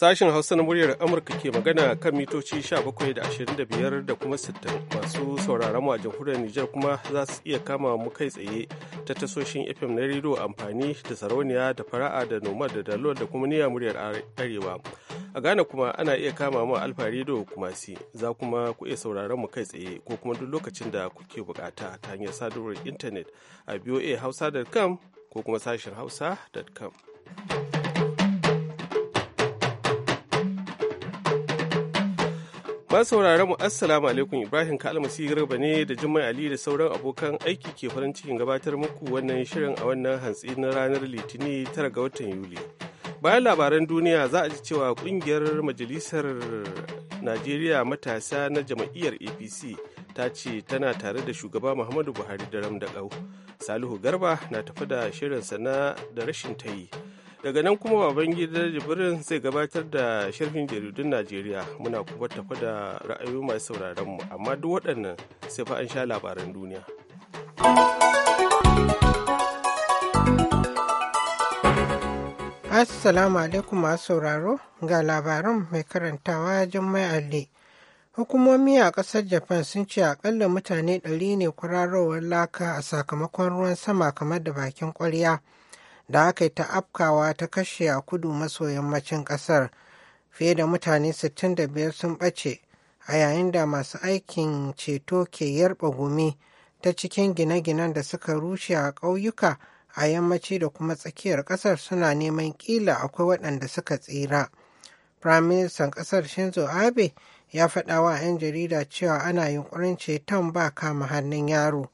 Sashen Hausa na muryar Amurka ke magana kan mitoci 17 da 25 da kuma 60 masu sauraron a jamhuriyar Nijar kuma za su iya kama mu kai tsaye ta tasoshin FM na rediyo amfani da sarauniya da fara'a da noma da dalol da kuma niyyar muryar arewa. A Ghana kuma ana iya kama mu alfa rediyo kuma si za kuma ku iya sauraron mu kai tsaye ko kuma duk lokacin da kuke bukata ta hanyar sadarwar intanet a voahausa.com ko kuma sashen hausa.com. Ma saurare mu Assalamu alaikum Ibrahim Kalmasi Garba ne da Jummai Ali da sauran abokan aiki ke farin cikin gabatar muku wannan shirin a wannan hantsi na ranar Litini tara ga watan Yuli. Bayan labaran duniya za a ji cewa kungiyar Majalisar Najeriya matasa na jam'iyyar APC ta ce tana tare da shugaba Muhammadu Buhari da Ramdakau. Salihu Garba na tafi da shirinsa na da rashin tayi daga nan kuma baban gidan jibirin zai gabatar da sharhin jaridun najeriya muna kuma tafa da ra'ayoyi masu sauraron mu amma duk waɗannan sai fa an sha labaran duniya assalamu alaikum masu sauraro ga labaran mai karantawa jummai alli hukumomi a ƙasar japan sun ce akalla mutane ɗari ne kwararowar laka a sakamakon ruwan sama kamar da bakin ƙwarya. da aka yi ta afkawa ta kashe a kudu maso yammacin ƙasar fiye da mutane 65 sun ɓace a yayin da masu aikin ceto ke yarba gumi ta cikin gine-ginen da suka rushe a ƙauyuka a yammaci da kuma tsakiyar ƙasar suna neman ƙila akwai waɗanda suka tsira. Firaministan ƙasar Shinzo Abe ya faɗa wa 'yan jarida cewa ana yunƙurin ceton ba kama hannun yaro.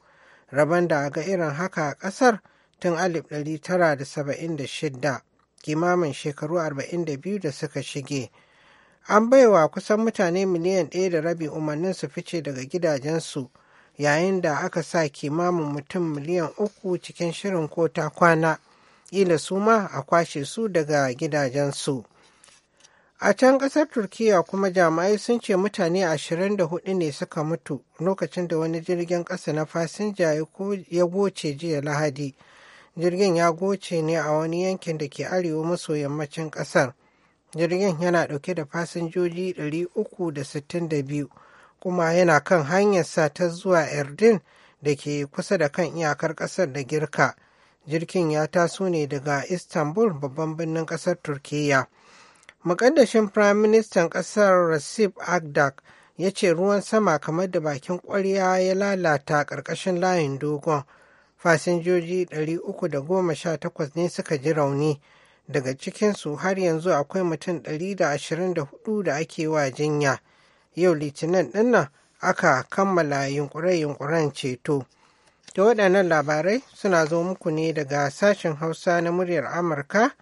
Rabon da ga irin haka a ƙasar tun 1976 kimamin shekaru 42 da suka shige. An baiwa kusan mutane miliyan ɗaya da rabi umarnin su fice daga gidajensu yayin da aka sa kimamin mutum miliyan uku cikin shirin ko ta kwana, ila su ma a kwashe su daga gidajensu. A can ƙasar Turkiyya kuma jama'ai sun ce mutane ashirin da hudu ne suka mutu lokacin da wani jirgin ƙasa na fasinja ya goce jiya Lahadi jirgin ya goce ne a wani yankin da ke arewa maso yammacin kasar jirgin yana dauke da fasinjoji 362 kuma yana kan hanyarsa ta zuwa erdin da ke kusa da kan iyakar kasar da girka jirgin ya taso ne daga istanbul babban birnin kasar turkiyya Mukaddashin Firaministan ƙasar Recep Agdak ya ce ruwan sama kamar da bakin ƙwarya ya lalata ƙarƙashin layin dogon fasinjoji 318 ne suka ji rauni daga cikinsu har yanzu akwai mutum 124 da ake wa jinya yau litinin dinnan aka kammala yunkure-yunkuren ceto da waɗannan labarai suna zo muku ne daga sashen hausa na muryar amurka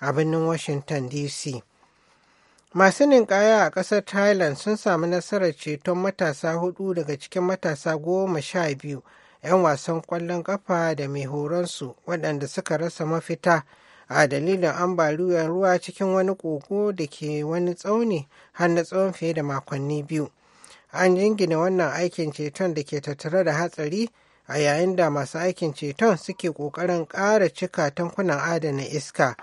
a birnin washington dc masu ninkaya a ƙasar thailand sun sami nasarar ceton matasa hudu daga cikin matasa goma sha biyu 'yan wasan ƙwallon ƙafa da mai horonsu waɗanda suka rasa mafita a dalilin ambaliyar ruwa cikin wani kogo da ke wani tsauni har na tsawon fiye da makonni biyu an jingina wannan aikin ceton da ke tattare da hatsari a yayin da masu aikin ceton suke ƙoƙarin ƙara cika tankunan adana iska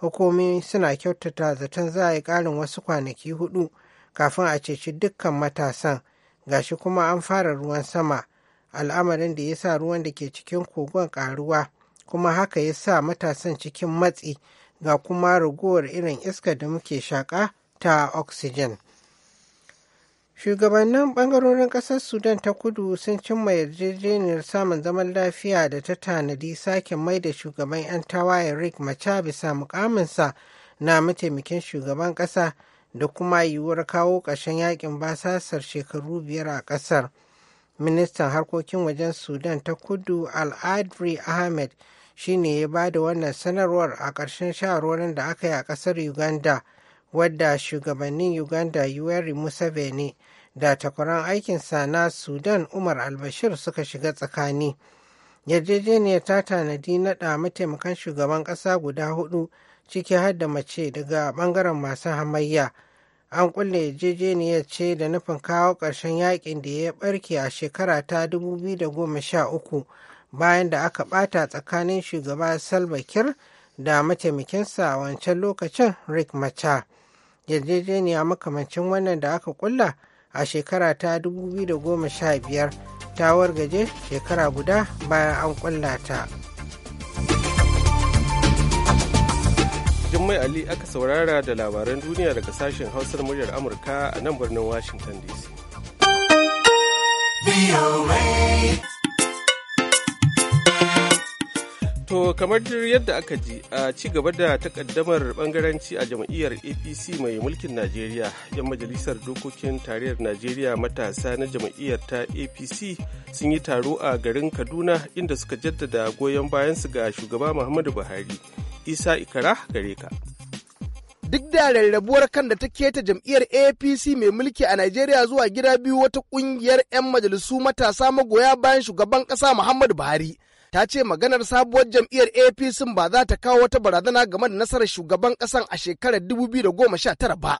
hukumi suna kyautata zaton za a yi ƙarin wasu kwanaki hudu kafin a ceci dukkan matasan gashi kuma an fara ruwan sama al'amarin da ya sa ruwan da ke cikin kogon karuwa kuma haka ya sa matasan cikin matsi ga kuma ragowar irin iska da muke shaƙa ta oxygen. Shugabannin bangarorin ƙasar Sudan ta kudu sun cimma yarjejeniyar samun zaman lafiya da ta tanadi sake mai da shugaban 'yan tawaye Rick Macha bisa mukaminsa na mataimakin shugaban ƙasa da kuma yiwuwar kawo ƙarshen yakin basasar shekaru biyar a ƙasar. ministan harkokin wajen sudan ta kudu al-adri ahmed shine ya ba da wannan sanarwar a ƙarshen shawarwarin da aka yi a ƙasar uganda wadda shugabannin uganda yoweri museveni da takwaran aikinsa na sudan umar albashir suka shiga tsakani yarjejeniyar ta tanadi naɗa mataimakan shugaban ƙasa guda hudu ciki har da mace daga ɓangaren masu hamayya an kulle yarjejeniyar ce da nufin kawo ƙarshen yakin da ya barke a shekara ta 2013 bayan da aka bata tsakanin shugaba salva kir da mataimakinsa a wancan lokacin rick mata yarjejeniya makamancin wannan da aka kulla a shekara ta 2015 ta wargaje shekara guda bayan an kulla ta. Jummai Ali aka saurara da labaran duniya daga sashen hausar muryar Amurka a nan birnin Washington DC. To kamar yadda aka ji a ci gaba da takaddamar bangaranci a jam'iyyar APC mai mulkin Najeriya, 'yan majalisar dokokin tarayyar Najeriya matasa na jam'iyyar ta APC sun yi taro a garin Kaduna inda suka jaddada goyon bayansu ga shugaba Muhammadu Buhari. Isa Ikara gare ka. duk da rarrabuwar kan da ta keta jam'iyyar apc mai mulki a najeriya zuwa gida biyu wata kungiyar 'yan majalisu matasa magoya bayan shugaban kasa muhammadu buhari ta ce maganar sabuwar jam'iyyar apc ba za ta kawo wata barazana game da nasarar shugaban kasan a shekarar 2019 ba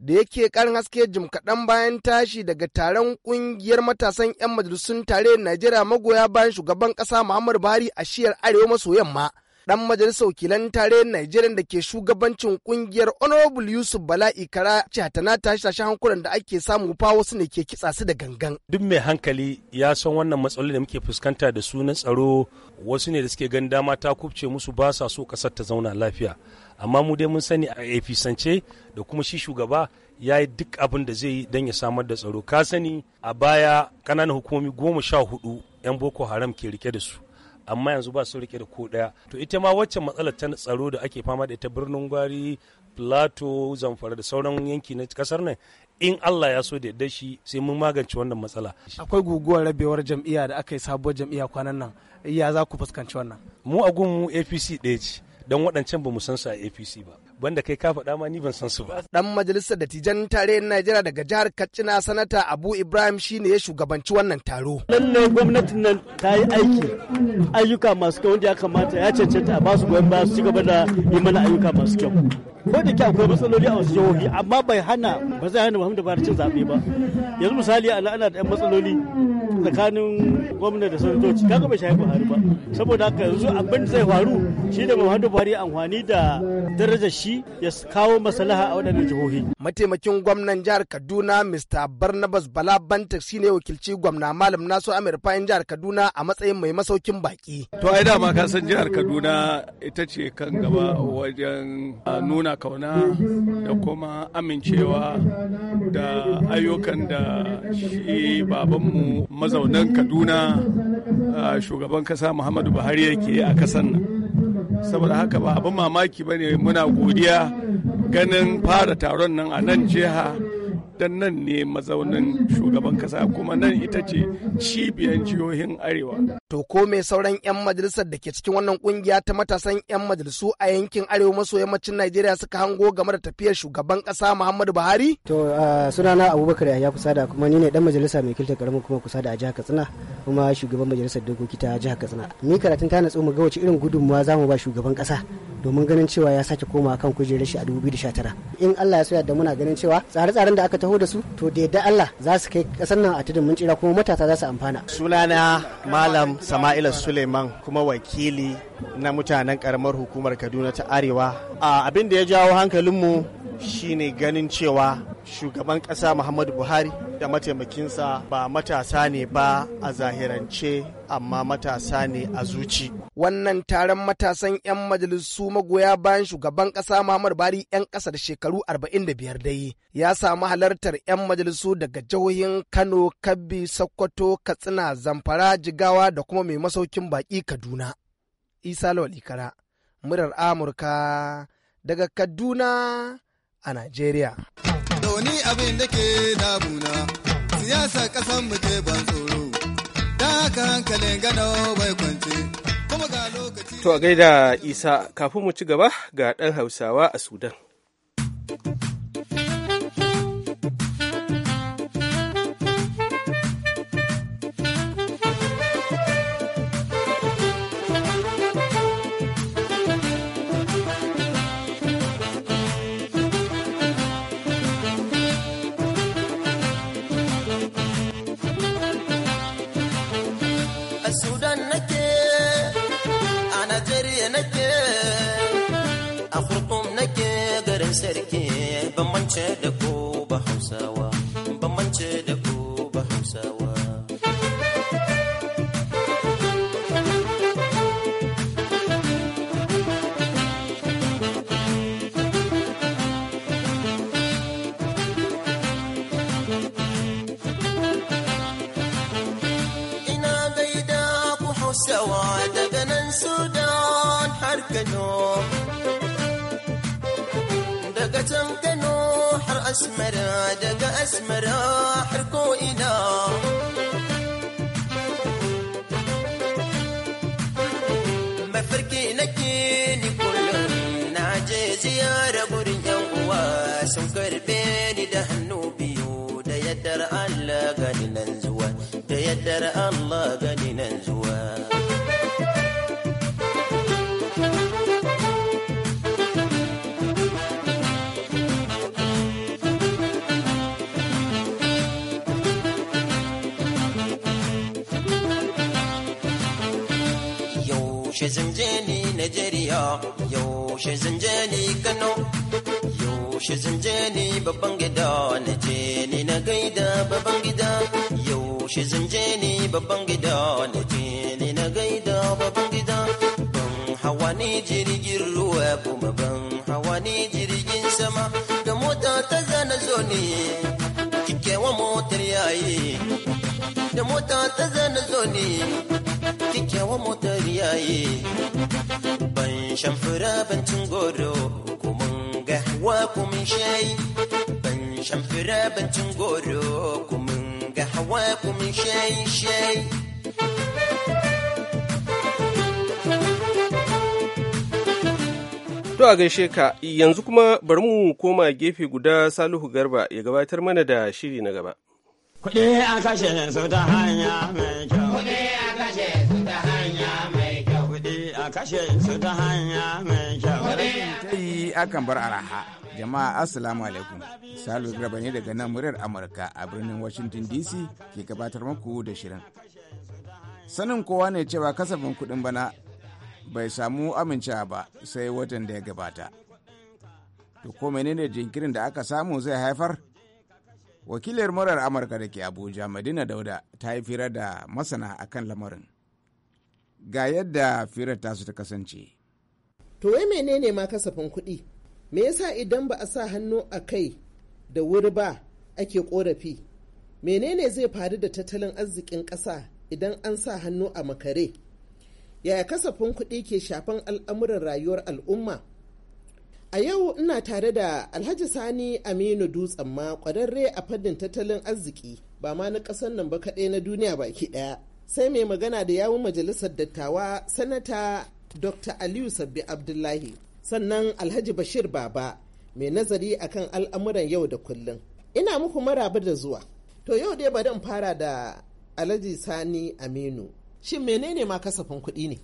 da yake karin haske jim kaɗan bayan tashi daga taron kungiyar matasan 'yan majalisun tare najeriya magoya bayan shugaban kasa muhammadu buhari a shiyar arewa maso yamma dan majalisar wakilan tarayyar Najeriya da ke shugabancin kungiyar Honorable Yusuf Bala Ikara ce ta tashi hankulan da ake samu fa wasu ne ke kitsa su da gangan. Duk mai hankali ya san wannan matsaloli da muke fuskanta da su na tsaro wasu ne da suke gan dama ta kubce musu ba sa so kasar ta zauna lafiya. Amma mu dai mun sani a efisance da kuma shi shugaba ya yi duk abin da zai yi don ya samar da tsaro. Ka sani a baya kananan hukumomi goma sha hudu 'yan Boko Haram ke rike da su. amma yanzu ba su rike da ko daya to ita ma wacce matsalar ta tsaro da ake fama da ita birnin gwari plato zamfara da sauran yanki na kasar nan in Allah ya so da shi sai mun magance wannan matsala. Akwai guguwar rabewar jam'iyya da aka yi sabuwar jam'iyya kwanan nan, ya za ku fuskanci wannan? Mu a gun mu APC ɗaya ce, don waɗancan ba mu san su a APC ba. banda kai ka faɗa ma ni ban san su ba. Dan majalisar dattijan tarayyar Najeriya daga jihar Katsina sanata Abu Ibrahim shine ya shugabanci wannan taro. ne gwamnatin nan ta yi aiki ayyuka masu kyau wanda ya kamata ya cancanta a basu goyon ba su ci gaba da yi mana ayyuka masu kyau. ko da kyau akwai matsaloli a wasu jihohi amma bai hana ba zai hana Muhammadu Buhari cin zaɓe ba yanzu misali a ana da 'yan matsaloli tsakanin gwamna da sanatoci kaga bai shafi Buhari ba saboda haka yanzu abin da zai faru shi da Muhammadu Buhari amfani da darajar shi ya kawo maslaha a waɗannan jihohi mataimakin gwamnan jihar Kaduna Mr. Barnabas Bala Bantak shine wakilci gwamna Malam Nasu Amir Fayin jihar Kaduna a matsayin mai masaukin baki to ai dama ka san jihar Kaduna ita ce kan gaba wajen ah, nuna kauna da kuma amincewa da ayyukan da shi babanmu mazaunan kaduna shugaban kasa muhammadu buhari yake a kasan nan saboda haka ba abin mamaki ba ne muna godiya ganin fara taron nan a nan jiha dan nan ne mazaunin shugaban kasa kuma nan ita ce cibiyar jihohin arewa. To ko me sauran 'yan majalisar da ke cikin wannan kungiya ta matasan 'yan majalisu a yankin arewa maso yammacin Najeriya suka hango game da tafiyar shugaban kasa Muhammadu Buhari? To sunana Abubakar ya kusa da kuma ni ne dan majalisa mai kilta karamin kuma kusa da a jihar Katsina kuma shugaban majalisar dokoki ta jihar Katsina. Ni karatun ta natsu mu ga wace irin gudunmuwa za mu ba shugaban kasa domin ganin cewa ya sake koma kan kujerar shi a 2019 in Allah ya so da muna ganin cewa tsare-tsaren da aka taho da su to da yadda Allah za su kai kasar nan a tudun mun tsira kuma matasa za su amfana sunana malam Sama'ila Suleiman kuma wakili na mutanen karamar hukumar Kaduna ta Arewa abin da ya jawo hankalinmu shine ganin cewa shugaban ƙasa Muhammadu Buhari da mataimakinsa ba matasa ne ba a zahirance amma matasa ne a zuci. Wannan taron matasan 'yan majalisu magoya bayan shugaban ƙasa Muhammadu Buhari 'yan ƙasa da shekaru 45 dai ya samu halartar 'yan majalisu daga jihohin Kano, Kabbi, Sokoto, Katsina, Zamfara, Jigawa da kuma mai masaukin baƙi Kaduna. Isa Lawal Ikara, murar Amurka daga Kaduna a Najeriya. Da wani abin da ke damuna, siyasa ƙasan mu ke ban tsoro, da haka hankalin gano bai kwance. kuma ga To a gaida Isa kafin mu ci gaba ga ɗan Hausawa a Sudan. ce the ko اسمر دق اسمر احرقوا الى ما فرقي نكيني كلنا عجز يا رب رجوا سكر بيني دهنو يا يدر الله قد ننزوا يدر الله قد ننزوا yaushe zanje ni Najeriya yaushe zanje ni Kano yaushe zanje ni babban gida na je ni na gaida babban gida yaushe zanje ni babban gida na je ni na gaida babban gida ban hawa ni jirgin ruwa kuma ban hawa ni jirgin sama da mota ta zana zo ne kikewa motar yayi da mota ta zana zo ne kyakkyawan motar yaye ban shan fura ban cin goro ko mun ga hawa ko mun shayi ban shan fura ban cin goro ko mun ga hawa ko mun shayi shayi To a gaishe ka yanzu kuma bari mu koma gefe guda Salihu Garba ya gabatar mana da shiri na gaba. Kuɗi a kashe su ta hanya mai kyau. Kuɗi a kashe su ta hanya mai kyau. Kuɗi a kashe su ta hanya mai kyau. Ta yi akan bar araha. Jama'a Assalamu alaikum. Salu Graba ne daga nan muryar Amurka a birnin Washington DC ke gabatar muku da shirin. Sanin kowa ne cewa kasafin kuɗin bana bai samu amincewa ba sai watan da ya gabata. To ko menene jinkirin da aka samu zai haifar? wakilar murar amurka da ke abuja madina dauda ta yi fira da masana a kan lamarin ga yadda firar tasu ta kasance to wai menene ma kasafin kuɗi me yasa idan ba a sa hannu a kai da wuri ba ake ƙorafi menene zai faru da tattalin arzikin ƙasa idan an sa hannu a makare yaya kasafin kuɗi ke shafan al'amuran rayuwar al'umma A yau ina tare da Alhaji Sani Aminu Dutsen ma kwararre a fannin tattalin arziki ba ma na ƙasar nan ba kaɗai na duniya baki ɗaya. Sai mai magana da yawun majalisar dattawa Sanata Dr. Aliyu Sabbi Abdullahi sannan Alhaji Bashir Baba mai nazari akan al'amuran yau da kullum. Ina muku maraba da zuwa. To yau dai bari in fara da Alhaji Sani Aminu. Shin menene ma kasafin kuɗi ne?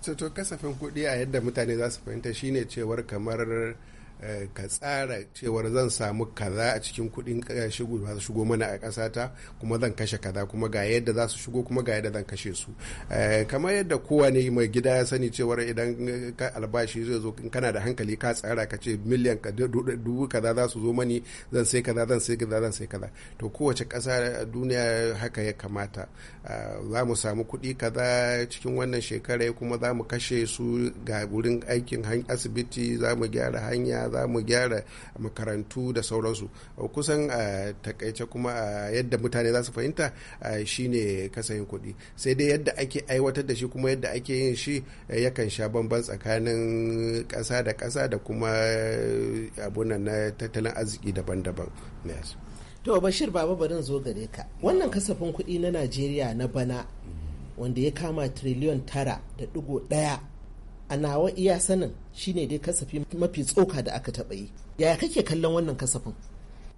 to kasafin kuɗi a yadda mutane za su fahimta shine cewar kamar Eh, ka tsara cewar zan samu kaza a cikin kuɗin eh, shigo za shigo mana a kasata kuma zan kashe kaza kuma ga yadda za su shigo kuma ga yadda zan kashe su eh, kamar yadda kowane mai gida ya sani cewar idan ka albashi zai zo in kana da hankali ka tsara ka ce miliyan dubu kaza za su zo mani zan sai kaza zan sai kaza zan sai kaza to kowace kasa duniya haka ya kamata za mu samu kuɗi kaza cikin wannan shekara kuma za mu kashe su ga wurin aikin asibiti za mu gyara hanya za mu gyara makarantu da sauransu kusan a takaice kuma a yadda mutane za su fahimta shine kasayin kuɗi sai dai yadda ake aiwatar da shi kuma yadda ake yin shi yakan sha bamban tsakanin ƙasa da ƙasa da kuma abunan na tattalin arziki daban-daban to bashir baba barin zo gare ka wannan kasafin kuɗi na najeriya na bana mm. wanda ya kama tara da ɗigo ɗaya a nawa iya sanin shine dai kasafi mafi tsoka da aka taɓa yi yaya kake kallon wannan kasafin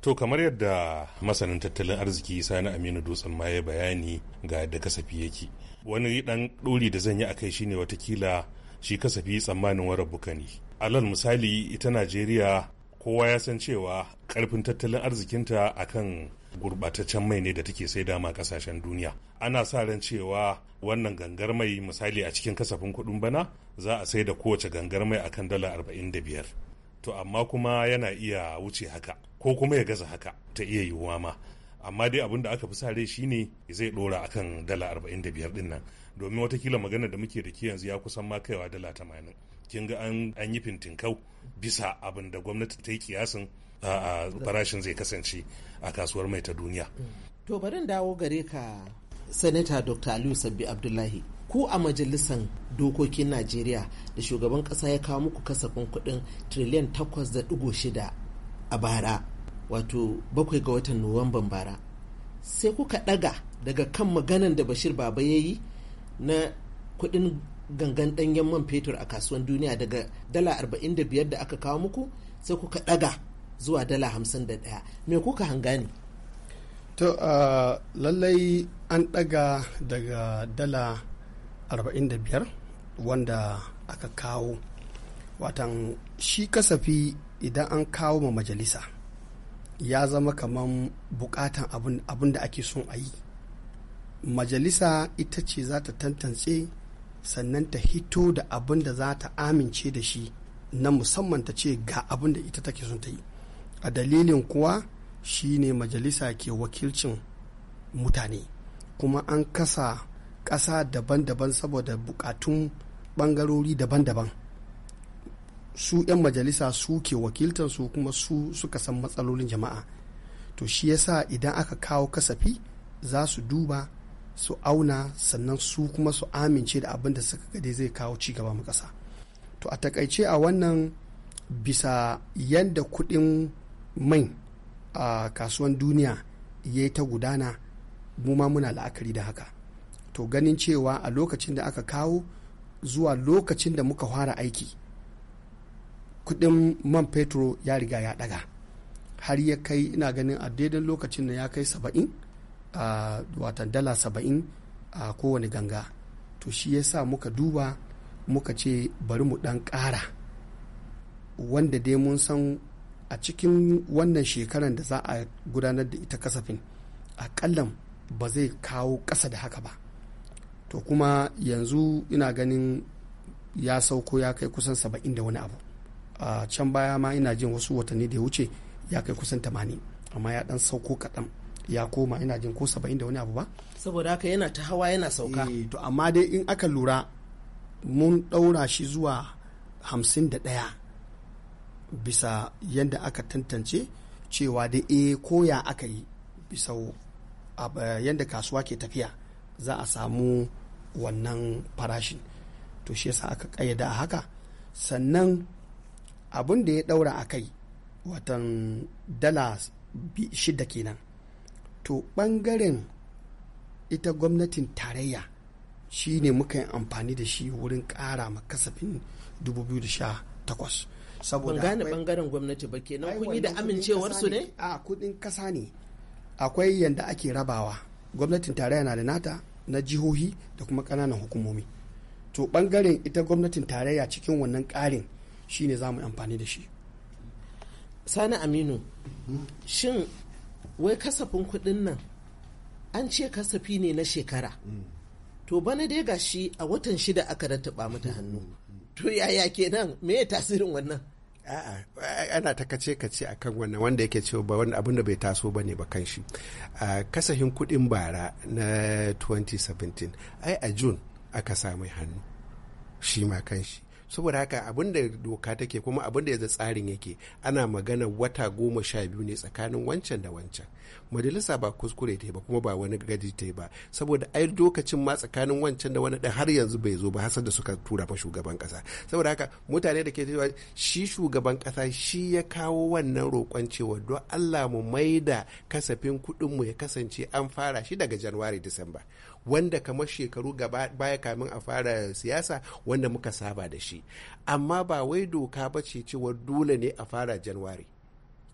to kamar yadda masanin tattalin arziki sani aminu dutsen ma ya bayani ga yadda kasafi yake wani ɗan ɗori da zan yi a kai shine watakila shi kasafi tsammanin warar buka ne alal misali ita najeriya kowa ya san cewa karfin tattalin arzikinta akan gurbataccen mai ne da take sai dama kasashen duniya ana sa ran cewa wannan gangar mai misali a cikin kasafin kuɗin bana za a sai da kowace gangar mai akan dala 45 to amma kuma yana iya wuce haka ko kuma ya gaza haka ta iya yiwuwa ma amma dai abin da aka fi sa rai ne zai dora akan dala 45 din nan domin watakila magana da muke da ke yanzu ya kusan ma kaiwa dala 80 kin ga an yi fintin fintinkau bisa abin da gwamnati ta yi kiyasin farashin zai kasance a kasuwar mai ta duniya. To bari dawo gare ka Sanata Dr. Aliyu Sabbi Abdullahi. Ku a majalisar dokokin Najeriya da shugaban ƙasa ya kawo muku kasafin kuɗin triliyan takwas da digo shida a bara wato bakwai ga watan Nuwamban bara. Sai kuka ɗaga daga kan maganan da Bashir Baba ya yi na kuɗin gangan ɗanyen man fetur a kasuwan duniya daga dala 45 da aka kawo muku sai kuka ɗaga zuwa dala hamsin da ɗaya me kuka hangani to uh, lallai an ɗaga daga dala arba'in wanda aka kawo watan shi kasafi idan an kawo ma majalisa ya zama kaman bukatan abin da ake son a yi majalisa ita ce za ta tantance sannan ta hito da abin da za ta amince da shi na musamman ta ce ga abin da ita take son ta yi a dalilin kuwa shine majalisa ke wakilcin mutane kuma an kasa ƙasa daban-daban saboda bukatun ɓangarori daban-daban su 'yan majalisa su ke wakiltansu kuma su suka san matsalolin jama'a to shi yasa idan aka kawo kasafi za su duba su auna sannan su kuma su amince da abin da suka gade zai kawo ci gaban mu ƙasa to a takaice a wannan bisa yadda kuɗin mai a kasuwan duniya ya ta gudana mu ma muna la'akari da haka to ganin cewa a lokacin da aka kawo zuwa lokacin da muka fara aiki kudin man fetur ya riga ya daga har ya kai ina ganin a daidan lokacin da ya kai saba'in a watan dala saba'in a kowane ganga to shi ya sa muka duba muka ce bari mu dan kara wanda dai mun san a cikin wannan shekaran da za a gudanar da ita kasafin akallan ba zai kawo ƙasa da haka ba to kuma yanzu ina ganin ya sauko ya kai kusan saba'in da wani abu a can baya ma ina jin wasu watanni da ya wuce ya kai kusan tamanin amma ya dan sauko kaɗan ya koma ina jin ko saba'in da wani abu ba saboda haka yana ta hawa yana sauka eh, to amma dai in aka lura mun ɗaura shi zuwa hamsin da ɗaya bisa yadda aka tantance cewa da e eh, koya aka yi bisa yadda kasuwa ke tafiya za a samu wannan farashin to shi yasa aka ƙayyada a haka sannan abin da ya ɗaura a kai watan dala shida kenan to ɓangaren ita gwamnatin tarayya shi ne muka yi amfani da shi wurin ƙara ma kasafin 2018 saboda bangaren gwamnati ba kenan kun yi da amincewar su ne a kudin kasa ne akwai yanda ake rabawa gwamnatin tarayya na da nata na jihohi da kuma kananan hukumomi to bangaren ita gwamnatin tarayya cikin wannan karin shine za mu amfani da shi sani aminu hmm? shin wai kasafin kudin nan an ce kasafi ne na shekara hmm. to bana dai gashi a watan shida aka rattaba mata hannu hmm. to yaya kenan me ya tasirin wannan ana ta kace kace a kan wannan wanda yake cewa ba wani abin bai taso ba ne ba kan shi a kasafin kudin bara na 2017 ai a june aka samu hannu shi ma kan shi saboda haka abin da doka take kuma abin da tsarin yake ana magana wata goma sha biyu ne tsakanin wancan da wancan majalisa ba kuskure ta ba kuma ba wani gadi ta ba saboda ai lokacin ma tsakanin wancan da wani ɗan har yanzu bai zo ba hasar da suka tura fa shugaban kasa saboda haka mutane da ke cewa shi shugaban kasa shi ya kawo wannan roƙon cewa don Allah mu maida kasafin kuɗinmu ya kasance an fara shi daga Januwari Disamba wanda kamar shekaru gaba baya kamin a fara siyasa wanda muka saba da shi amma ba wai doka ba ce cewa dole ne a fara januwari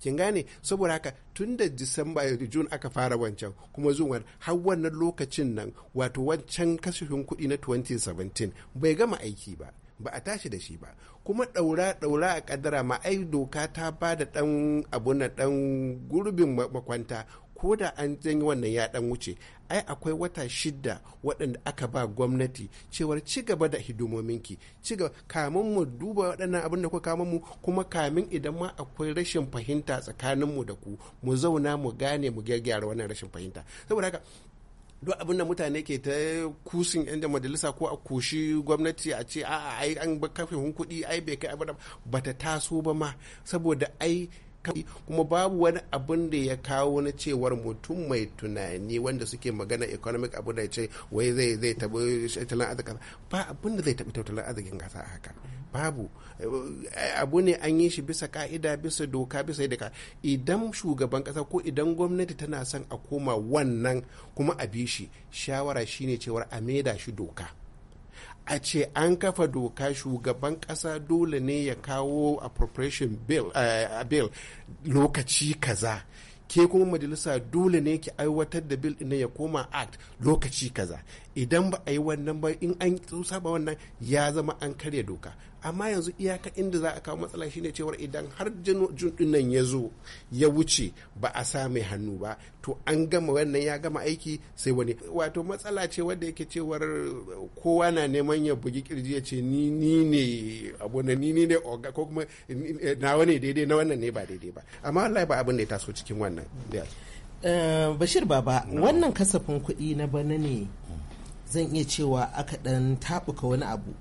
kin gane saboda haka tun da disamba jun aka fara wancan kuma zuwan har wannan lokacin nan wato wancan kashin kuɗi na 2017 bai gama aiki ba ba a tashi da shi ba kuma ɗaura ɗaura a ƙadara ma ai doka ta ba da ɗan abu na ɗan gurbin makwanta ko da an janyi wannan ya dan wuce ai akwai wata shida waɗanda aka ba gwamnati cewar ci gaba da hidimominki ci gaba kamin mu duba waɗannan abin da kuka mu kuma kamin idan ma akwai rashin fahimta tsakanin mu da ku mu zauna mu gane mu gyara wannan rashin fahimta saboda haka duk abin da mutane ke ta kusin yan da majalisa ko a koshi gwamnati a ce a'a ai an kafin kuɗi ai bai kai abin ba ta taso ba ma saboda ai kai kuma babu wani abin da ya kawo na cewar mutum mai tunani wanda suke magana economic abu da ce wai zai zai tabo tattalin arzikin ba abin da zai tabo tattalin arzikin kasa a haka babu eh, abu ne an yi shi bisa ka'ida bisa doka bisa yadda idan shugaban kasa ko idan gwamnati tana son a koma wannan kuma a bi shi shawara shine cewar a maida shi doka a ce an kafa doka shugaban kasa dole ne ya kawo appropriation bill, uh, bill lokaci kaza ke kuma majalisa dole ne ki aiwatar da bill ne ya koma act lokaci kaza idan ba a yi wannan ba in an saba wannan ya zama an karya doka amma yanzu iyaka inda za a kawo matsala shine cewar idan har jun nan ya zo ya wuce ba a sa mai hannu ba to an gama wannan ya gama aiki sai wani wato matsala ce wadda yake cewar kowa na neman ya bugi kirji ya ce ni ni ne abu na ni ni ne oga ko kuma na wani daidai na wannan ne ba daidai ba amma wallahi ba abin da ya taso cikin wannan eh, bashir baba wannan kasafin kuɗi na bana ne mm. zan iya cewa aka ɗan taɓuka wani abu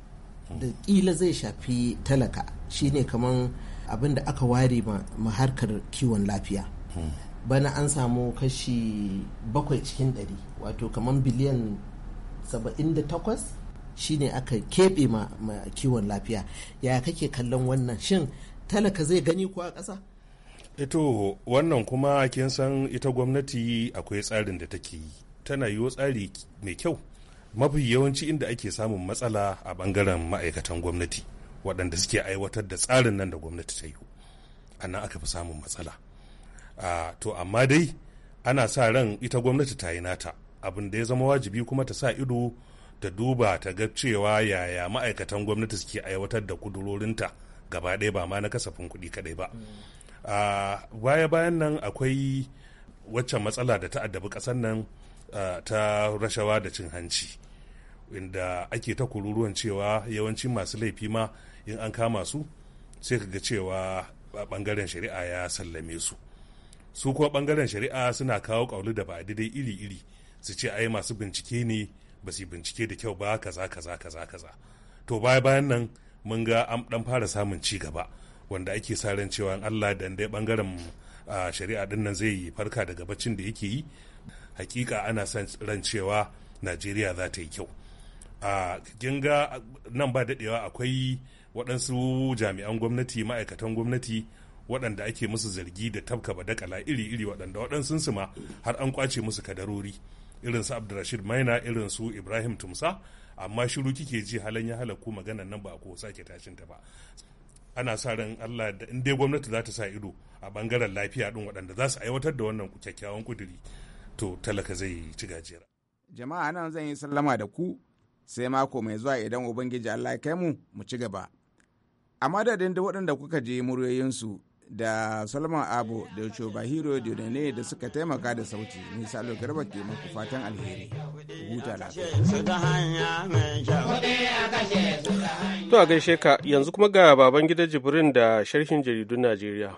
da ƙila zai shafi talaka shine kamar abin da aka ware ma harkar kiwon lafiya bana an samu kashi bakwai cikin ɗari wato kamar biliyan 78 shine aka keɓe ma kiwon lafiya ya kake kallon wannan shin talaka zai gani ko a ƙasa ito eh wannan kuma kin san ita gwamnati akwai tsarin da take yi tana yiwo tsari mai kyau mafi yawanci inda ake samun matsala a bangaren ma'aikatan gwamnati waɗanda suke aiwatar da tsarin nan da gwamnati ta yi a nan aka fi samun matsala to amma dai ana sa ran ita gwamnati ta yi nata abin da ya zama wajibi kuma ta sa ido ta duba ta ga cewa yaya ma'aikatan gwamnati suke aiwatar da kudurorinta gaba ɗaya ba ma na kasafin kuɗi kaɗai ba baya bayan nan akwai waccan matsala da ta addabi ƙasar nan ta rashawa da cin hanci inda ake ta kururuwan cewa yawanci masu laifi ma in an kama su sai ka ga cewa bangaren shari'a ya sallame su su kuma bangaren shari'a suna kawo kaulu da ba daidai iri-iri su ce ai masu bincike ne ba su bincike da kyau ba kaza kaza kaza kaza to baya bayan nan mun ga an dan fara samun ci gaba wanda ake sa ran cewa Allah da dai bangaren shari'a din nan zai farka daga baccin da yake yi hakika ana san ran cewa Najeriya za ta yi kyau a ga nan ba daɗewa akwai waɗansu jami'an gwamnati ma'aikatan gwamnati waɗanda ake musu zargi da tabka badakala iri-iri waɗanda waɗansu sun ma har an kwace musu kadarori irin su maina irin su ibrahim tumsa amma shiru kike ji halan ya halaku maganan nan ba ko sake tashin ta ba ana sa ran Allah da in dai gwamnati za ta sa ido a bangaren lafiya ɗin waɗanda za su aiwatar da wannan kyakkyawan kuduri to talaka zai ci gajiyar. Jama'a nan zan yi sallama da ku sai mako mai zuwa idan ubangiji allah ya kai mu mu ci gaba a madadin da waɗanda kuka je muryoyinsu da salman abu da yacho bahiro ne da suka taimaka da sauti nisa salo garba ke maku fatan alheri huta lafiya to a gaishe ka yanzu kuma ga baban gida jibrin da sharhin jaridun najeriya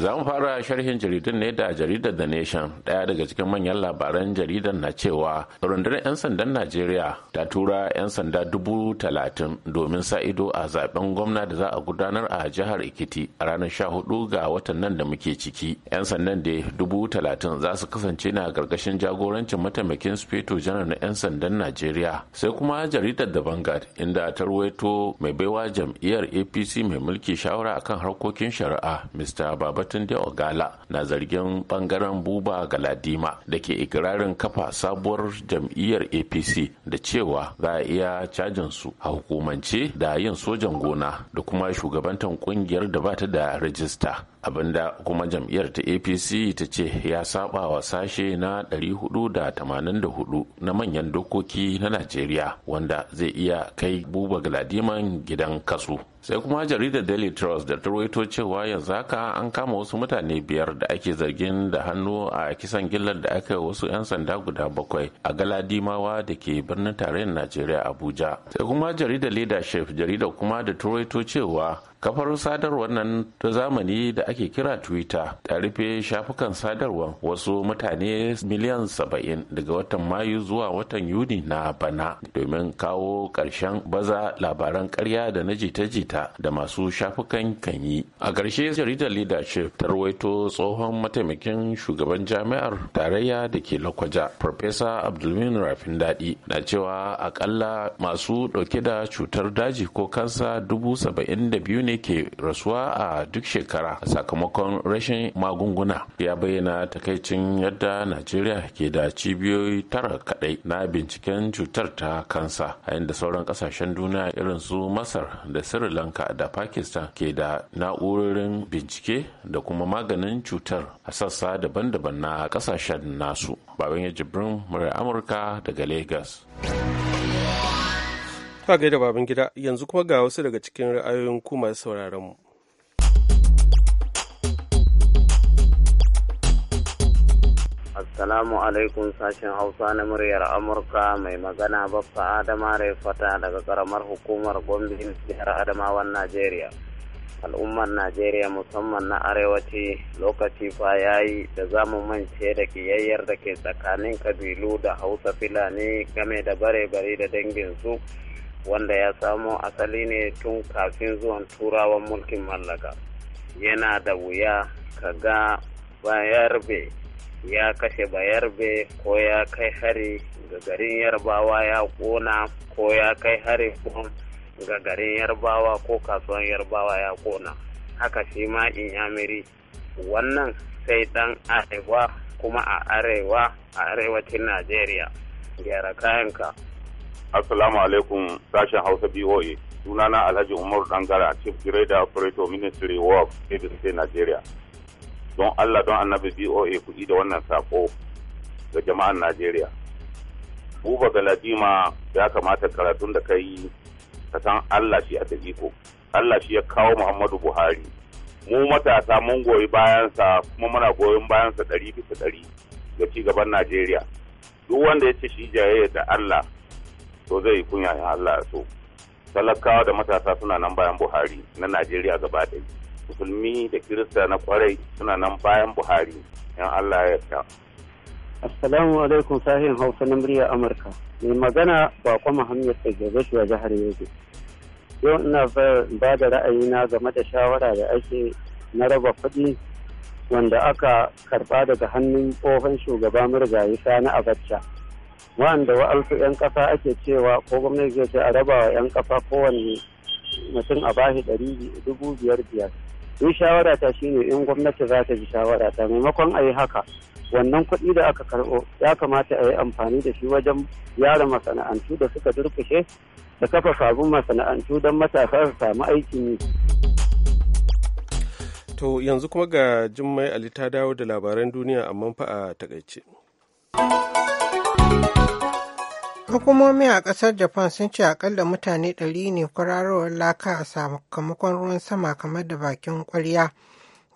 za mu fara sharhin jaridun ne da jaridar the nation daya daga cikin manyan labaran jaridar na cewa rundunar 'yan sandan najeriya ta tura 'yan sanda dubu talatin domin sa ido a zaben gwamna da za a gudanar a jihar ikiti a ranar sha hudu ga watan nan da muke ciki 'yan sandan da dubu talatin za su kasance na gargashin jagorancin mataimakin speto janar na 'yan sandan najeriya sai kuma jaridar the vanguard inda ta ruwaito mai baiwa jam'iyyar apc mai mulki shawara akan harkokin shari'a mr babat da ogala na zargin bangaren buba galadima da ke ikirarin kafa sabuwar jam'iyyar apc da cewa za a iya cajin su a hukumance da yin sojan gona da kuma shugabantan kungiyar da ba ta da rajista abinda kuma jam'iyyar ta apc ta ce ya saba wa sashe na 484 na manyan dokoki na najeriya wanda zai iya kai buba galadiman gidan kasu sai kuma jaridar daily trust da ta cewa yanzu haka an kama wasu mutane biyar da ake zargin da hannu a kisan gillar da aka yi wasu 'yan sanda guda bakwai a galadimawa da ke birnin tarayyar najeriya abuja sai kuma jaridar leadership jaridar kuma da ta cewa kafar sadarwar nan ta zamani da ake kira twitter ta rufe shafukan sadarwar wasu mutane miliyan saba'in daga watan mayu zuwa watan yuni na bana domin kawo ƙarshen baza labaran karya da na jita-jita da masu shafukan kan a ƙarshe jaridar leadership ta ruwaito tsohon mataimakin shugaban jami'ar tarayya da ke lakwaja farfesa abdulmin rafin daɗi na cewa akalla masu ɗauke da cutar daji ko kansa dubu saba'in da biyu ne ne ke rasuwa a duk shekara a sakamakon rashin magunguna ya bayyana takaicin yadda najeriya ke da cibiyoyi tara kadai na binciken cutar ta kansa a inda sauran kasashen duniya irin su masar da sri lanka da pakistan ke da na'urorin bincike da kuma maganin cutar a sassa daban-daban na kasashen nasu babban ya jibrin murar amurka daga lagos Ta gaida baban gida yanzu kuma ga wasu daga cikin ra'ayoyin ku masu sauraron mu. Assalamu alaikum sashen Hausa na muryar Amurka mai magana Baffa Adama Refata daga karamar hukumar Gombe jihar Adamawan Najeriya. Al'ummar Najeriya musamman na arewaci lokaci fa yi da zamu mu mance da kiyayyar da ke tsakanin kabilu da Hausa Fulani game da bare-bare da dangin su. wanda ya samo asali ne tun kafin zuwan turawan mulkin mallaka yana da wuya ka ga bayarbe ya kashe bayarbe ko ya kai hari ga garin yarbawa ya kona ko ya kai hari ga garin yarbawa ko kasuwan yarbawa ya kona haka shi ma in yamiri wannan sai dan arewa kuma a arewa a arewacin najeriya gyara kayanka Assalamu alaikum sashen Hausa BOA. Sunana Alhaji Umaru Dangara, Chief Grader Operator Ministry of Kebbi State, Nigeria. Don Allah don annabi BOA kuɗi da wannan sako ga jama'an Najeriya. Buba Galadima ya kamata karatun da ka yi ka san Allah shi a iko. Allah shi ya kawo Muhammadu Buhari. Mu matasa mun goyi bayansa kuma muna goyon bayansa ɗari bisa ɗari ga ci gaban Najeriya. Duk wanda ya ce shi jayayya da Allah to zai yi kunya in Allah ya so talakawa da matasa suna nan bayan Buhari na Najeriya gaba ɗaya musulmi da kirista na kwarai suna nan bayan Buhari in Allah ya sa. Assalamu alaikum sahin Hausa na murya Amurka mai magana Bako Muhammad Tsaggebe wa jihar yanzu yau ina ba da ra'ayina game da shawara da ake na raba kuɗi wanda aka karɓa daga hannun tsohon shugaba murgaye sani abacha wanda wa'ansu 'yan ƙasa ake cewa ko gwamnati zai ce a raba wa 'yan kasa kowanne mutum a bashi ɗari dubu biyar biyar in shawara ta shine in gwamnati za ta ji shawara ta maimakon a yi haka wannan kuɗi da aka karɓo ya kamata a yi amfani da shi wajen yara masana'antu da suka durkushe da kafa sabon masana'antu don matasa su samu aikin yi. To yanzu kuma ga Jummai Ali ta dawo da labaran duniya amma fa a takaice. Hukumomi a ƙasar Japan sun ce akalla mutane ɗari ne kwararowar laka a sakamakon ruwan sama kamar da bakin ƙwarya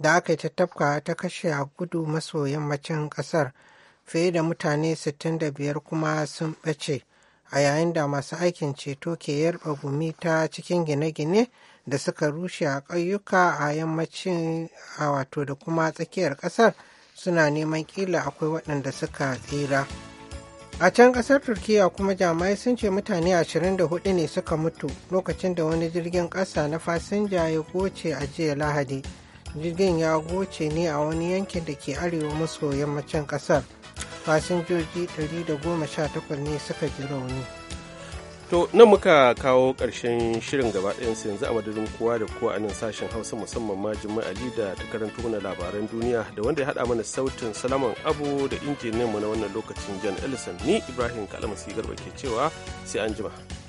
da aka yi tattafka ta kashe a gudu maso yammacin ƙasar. Fiye da mutane 65 kuma sun ɓace a yayin da masu aikin ceto ke yarba gumi ta cikin gine-gine da suka rushe a ƙauyuka a yammacin a wato da kuma tsakiyar ƙasar suna neman ƙila akwai waɗanda suka tsira. a can kasar Turkiyya kuma jami'ai sun ce mutane 24 ne suka mutu lokacin da wani jirgin kasa na fasinja ya goce a jiya lahadi jirgin ya goce ne a wani yankin da ke arewa maso yammacin kasar fasinjoji 118 ne suka ji rauni To nan muka kawo ƙarshen shirin gaba ɗayansu yanzu a madadin kowa da kowa a nan sashen Hausa musamman ma Jummai Ali da ta karanta mana labaran duniya da wanda ya haɗa mana sautin Salaman Abu da injiniyanmu na wannan lokacin Jan Ellison ni Ibrahim Kalamasi Garba ke cewa sai an jima.